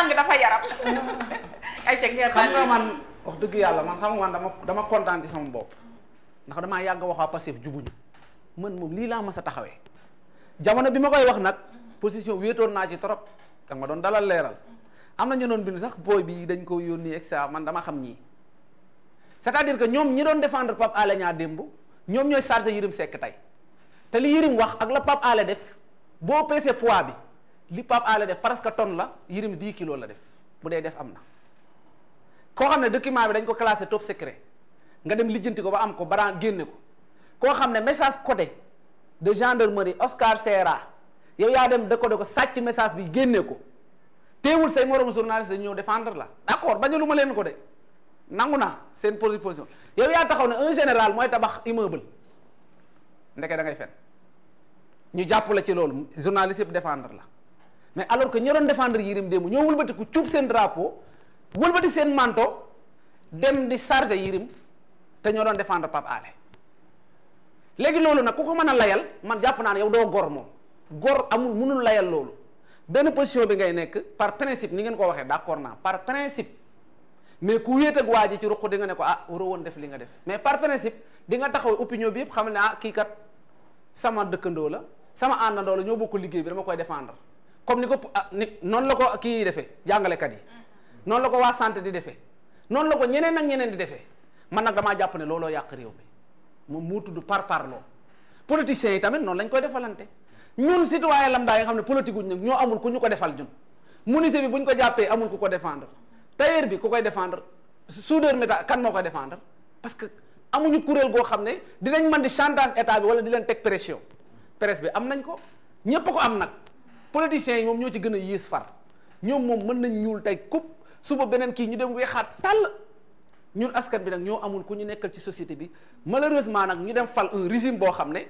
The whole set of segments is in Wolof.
tàng dafa yaram. ay ca ngeen xam man wax dëgg yàlla man xam nga man dama dama kontaan ci sama bopp ndax damaa yàgg wax waa Pastef jubuñu man moom lii laa mas a taxawee jamono bi ma koy wax nag position wéetoon naa ci trop da nga doon dalal leeral am na ñu doon bind sax booy bi dañ ko yónni et cetera man dama xam ñii c'est-à-dire que ñoom ñi doon defender Pape Alé ñaa démb ñoom ñooy chargé Yérim sekk tey te li Yérim wax ak la Pape Alé def boo peesee poids bi. li Pape Alé def presque ton la Yérim 10 kilos la def bu dee def am na koo xam ne document bi dañ ko classé top secret nga dem lijjanti ko ba am ko baraan génne ko koo xam ne message codé de gendarmerie Oscar Serra yow yaa dem décodé ko sàcc message bi génne ko teewul say moromu journaliste dañu ñëw défendre la d'accord bañu lu ma leen ko de nangu naa seen position yow yaa taxaw ne un général mooy tabax immeuble ndeke da ngay fen ñu jàpp la ci loolu journaliste yëpp défendre la mais alors que ñoo doon défendre Yérim démb ñoo wëlbati ku cuub seen drapeau walbati seen manteau dem di charger Yérim te ñoo doon défendre Pape Alé léegi loolu nag ku ko mën a layal man jàpp naa ne yow doo gor moom gor amul mënul layal loolu benn position bi ngay nekk par principe ni ngeen ko waxee da d'accord naa par principe mais ku wéet ak waa ji ci ruq di nga ne ko ah waroo woon def li nga def mais par principe di nga taxaw opinion bi yëpp xam ne ah kii kat sama dëkkandoo la sama àndandoo la ñoo bokk liggéey bi dama koy défendre comme ni ko ah, ni noonu la ko kii yi defee jàngalekat yi noonu la ko waa santé di defee noonu la ko ñeneen ak ñeneen di defee man nag damaa jàpp ne looloo yàq réew mi moom moo tudd par loo politiciens yi tamit noonu lañ koy defalante ñun citoyen lambda yi nga xam ne politique wuñ ñoo amul ku ñu ko defal ñun menuisier bi buñ ko jàppee amul ku ko défendre tailleur bi ku koy défendre soudeur métal kan moo koy défendre parce que amuñu kuréel goo xam ne dinañ mën di chantage état wala di leen teg pression presse bi am nañ ko ñëpp ko am nag. politiciens yi moom ñoo ci gën a yées far ñoom moom mën nañ ñuul tey kub suba beneen kii ñu dem weexaat tàll ñun askan bi nag ñoo amul ku ñu nekkal ci société bi malheureusement nag ñu dem fal un régime boo xam ne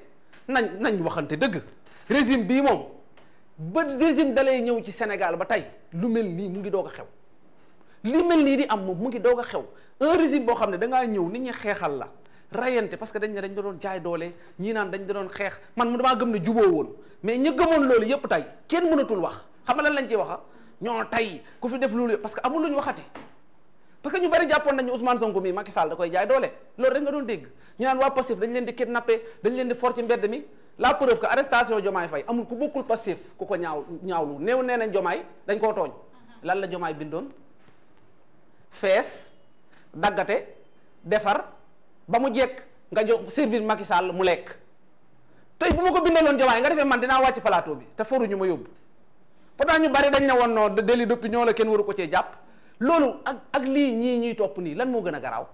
nañ nañ waxante dëgg régime bii moom ba régime dalay ñëw ci Sénégal ba tey lu mel nii mu ngi doog a xew li mel nii di am moom mu ngi doog a xew un régime boo xam ne da ngaa ñëw nit ñi xeexal la rayante parce que dañ ne dañ da doon jaay doole ñii naan dañ doon xeex man mu damaa gëm ne juboo woon mais ñi gëmoon loolu yépp tey kenn mënatul wax xam nga lan lañ ciy waxa ñoo tey ku fi def loolu parce que amul lu ñu waxati parce que ñu bari jàppoon nañu Ousmane Sonko mii Macky Sall da koy jaay doole loolu rek nga doon dégg ñu naan waa Pastef dañ leen di kidnappé dañ leen di for ci mbedd mi la preuve que arrestation Diomaye Faye amul ku bokkul Pastef ku ko ñaaw ñaawlu néew nee nañ Diomaye dañ koo tooñ lan la Diomaye bindoon fees ba mu jekk nga jox service Macky Sall mu lekk tey bu ma ko bindaloon Diomaye nga defee man dinaa wàcc palaato bi te foruñu ma yóbbu pourtant ñu bari dañ ne woon non délit d'opinion la kenn waru ko cee jàpp loolu ak ak lii ñii ñuy topp nii lan moo gën a garaaw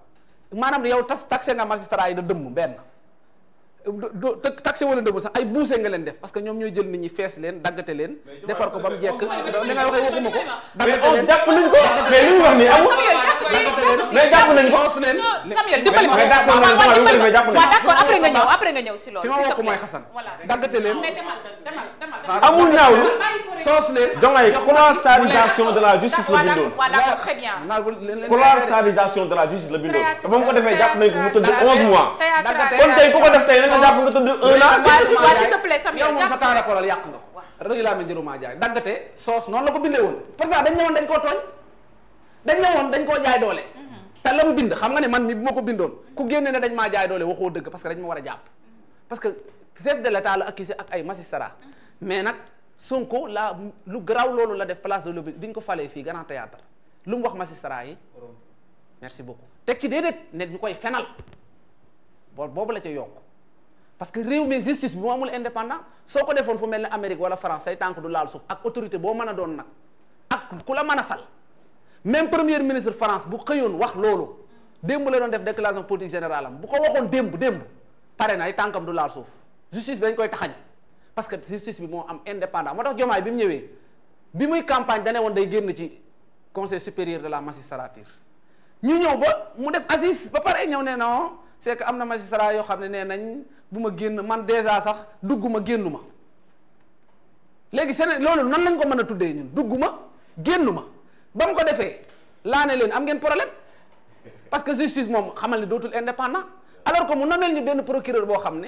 maanaam yow tas taxé nga magistrat yi da dëmm benn do taxé wala dëmm sax ay buuse leen def parce que ñoom ñooy jël nit ñi fees leen daggate leen defar ko ba mu jekk li nga ko daggate jàpp luñ ko mais li wax nii mais jàpp nañ ko Samuel dimbali ma mais jàpp nañ d'accord après nga ñëw après nga ñëw si loolu. fi ma wax ko mooy Xasan. daggate leen amul naawlu soos leen. jongay colossalisation de la justice la bindoon. colossalisation de la justice la bindoon. te ba mu ko defee jàpp nañ ko mu tëdd 11 mois. kon tey ku ko def tey na nga jàpp nga tëdd 1 an. waaw s'il te plaît Samuel jàpp sa yàq nga. rëy laa ma jëru maa jaay daggate soos noonu la ko bindee woon. parce que dañ ñëwoon dañ koo tooñ dañ la woon dañ koo jaay doole mhm. te lam bind xam nga ne man ni bu ma ko bindoon ku génne ne dañ maa jaay doole waxoo dëgg parce que dañ ma war a jàpp parce que chef de l'état la accusé ak ay magistrat mhm. mais nag Sonko la lu garaaw loolu la def place de l'Obélisque bi ñu ko falee fii grand théâtre lu mu wax magistrat yi merci beaucoup teg ci déedéet ne ñu koy fenal boo boobu la ca yokk parce que réew mi justice bi mu amul indépendant soo ko defoon fu mel ni Amérique wala France say tànk du laal suuf ak autorité boo mën a doon nag ak ku la mën a fal même premier ministre France bu xëyoon wax loolu démb la doon def déclaration politique générale am bu ko waxoon démb démb pare na ay tànkam du laal suuf justice bi dañ koy taxañ parce que justice bi moo am indépendant moo tax Diomaye bi mu ñëwee bi muy campagne dane woon day génn ci conseil supérieur de la magistrature ñu ñëw ba mu def assise ba pare ñëw ne non c'est am na magistrat yoo xam ne nee nañ bu ma génn man déjà sax dugguma génnu ma léegi seen loolu nan lañ ko mën a tuddee ñun dugguma génnu ma ba mu ko defee laa ne leen am ngeen problème parce que justice moom xamal ne dootul indépendant alors que mu nomeel ñu benn procureur boo xam ne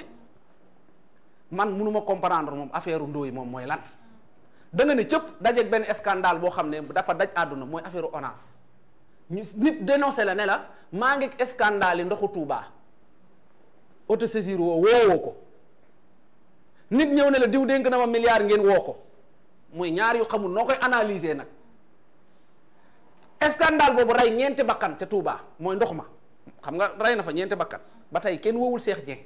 man mënuma comprendre moom affaire ndóoy moom mooy lan da nga ne cëp dajeeg benn scandale boo xam ne dafa daj àdduna mooy affaire ONAS ñu nit dénoncé la ne la maa ngi scandale yi ndoxu Touba autosaisir woo woowoo ko nit ñëw ne la diw dénk na ma milliard ngeen woo ko muy ñaar yu xamul noo koy analyser nag scandale boobu ray ñeenti bakkan ca Touba mooy ndox ma xam nga rey na fa ñeenti bakkan ba tey kenn woowul seex Dieng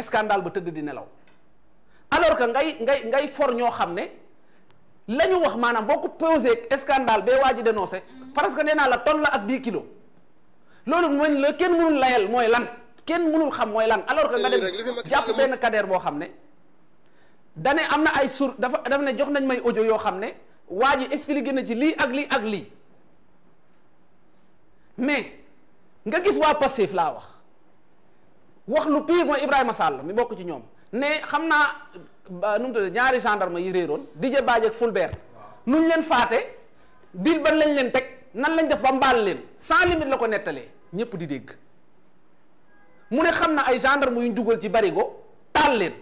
scandale ba tëdd di nelaw alors que ngay ngay ngay for ñoo xam ne la ñu wax maanaam boo ko posé scandale bee waa ji dénoncé parce que nee naa la tonne la ak di kilo loolu mooy la kenn mënul layal mooy lan kenn mënul xam mooy lan alors que nga dem jàpp benn cadre boo xam ne dane am na ay sur dafa dafa ne jox nañ may ojo yoo xam ne waa ji expliqué na ci lii ak lii ak lii mais nga gis waa Pastef laa wax wax lu pire mooy Ibrahima Sall mi bokk ci ñoom ne xam naa nu mu tudd ñaari gendarme yi réeroon Didier Badji ak Fulbert nuñ leen faate dil ban lañ leen teg nan lañ def ba mbaal leen sans limite la ko nettalee ñëpp di dégg mu ne xam na ay gendre gendarme yuñ dugal ci barigo taal leen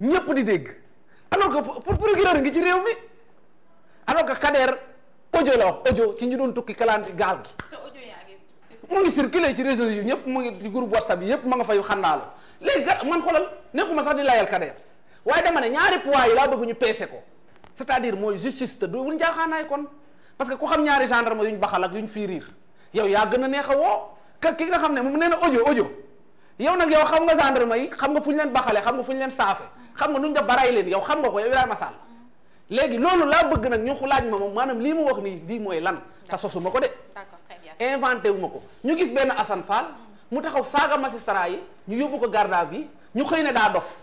ñëpp di dégg alors que pour procureur ngi ci réew mi alors que Kader. ojo la wax audio ci ñu doon tukki kalaan gaal gi. mu ngi circulé ci réseau yi ñëpp mu ngi ci groupe whatsapp yi yëpp ma nga fayu xannaa la léegi gar man xoolal nekkuma sax di layal kadeer waaye dama ne ñaari poids yi laa bëgg ñu peese ko cest dire mooy justice te duwul njaaxaanaay kon parce que ku xam ñaari gendarme yuñ baxal ak ñu fii riir yow yaa gën a neex a ki nga xam ne moom nee na ojo audio yow nag yow xam nga gendarme yi xam nga fu ñu leen baxalee xam nga fu leen saafe xam nga nuñ da baray yow xam nga ko yow Ibrahima léegi loolu laa bëgg nag ñu xulaaj ma moom maanaam lii mu wax nii lii mooy lan te sosuma ko de inventé wu ma ko ñu gis benn Assane Fall mu taxaw saaga magistrat yi ñu yóbbu ko garde bi ñu xëy ne daa dof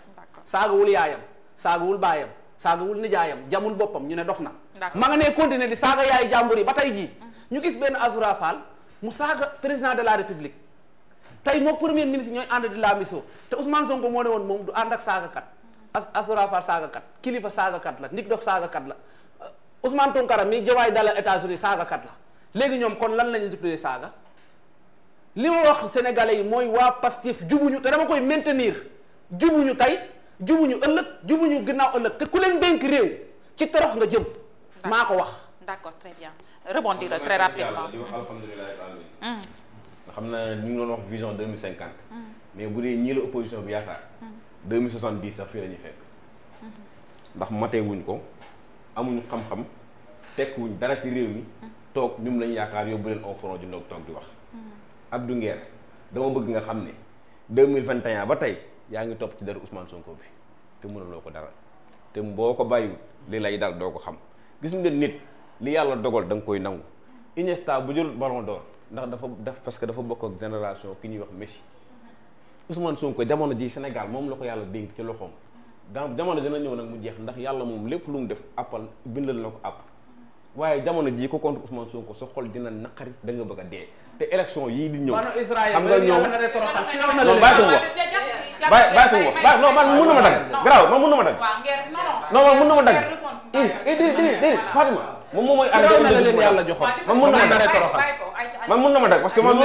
saagawul yaayam saagawul baayam saagawul nijaayam jamul boppam ñu ne dof na ma nga ne continuer di saaga yaay jàmbur yi ba tey jii ñu gis benn Azoura Fall mu saaga président de la république tey moo premier ministre ñooy ànd di la mission te Ousmane Sonko moo woon moom du ànd ak saagakat as Asura Fall saagakat kilifa saagakat la nit dof saagakat la uh, Ousmane Tounkara mi jawaay dala États-Unis saagakat la léegi ñoom kon lan la ñu tuddee saaga li ma wax sénégalais yi mooy waa Pastef jubuñu te dama koy maintenir ñu tey jubuñu ëllëg jubuñu ginnaaw ëllëg te ku leen dénk réew ci torox nga jëm. maa ko wax. d'accord très bien rebondir mm. xam naa ñu ngi doon wax vision deux mille cinquante. Mm. mais bu dee ñii opposition bi yaakaar. Mm. deux mille soixante dix sax fii la ñuy fekk. ndax mateewuñ ko amuñu xam-xam wuñ dara ci réew mi. toog ñum lañ yaakaar yóbbu leen au front di ndoog toog di wax. Abdou Nguer dama bëgg nga xam ne deux mille vingt et ba tey yaa ngi topp ci dara Ousmane Sonko bi te mënuloo ko dara te boo ko bàyyi li lay dal doo ko xam gis nga nit li yàlla dogal da nga koy nangu Iniesta bu jël ballon d'or ndax dafa daf parce que dafa bokk ak génération ki ñuy wax Messi. Ousmane Sonko jamono ji Sénégal moom la ko yàlla dénk ci loxoom dans jamono dina ñëw nag mu jeex ndax yàlla moom lépp lu mu def appal bindal na ko àpp waaye jamono ji ko contre Ousmane Sonko sa xol dina naqari da nga bëgg a dee te élection yii di ñëw. xam nga ñoom non bàyyi ko mu wax. bàyyi bàyyi ko mu wax bàyyi non ma dagg. garaaw man ma dagg. non man mun na ma dagg. eh eh déedéet déedéet Fatima moom moom mooy. ànd ak man mun na ma dagg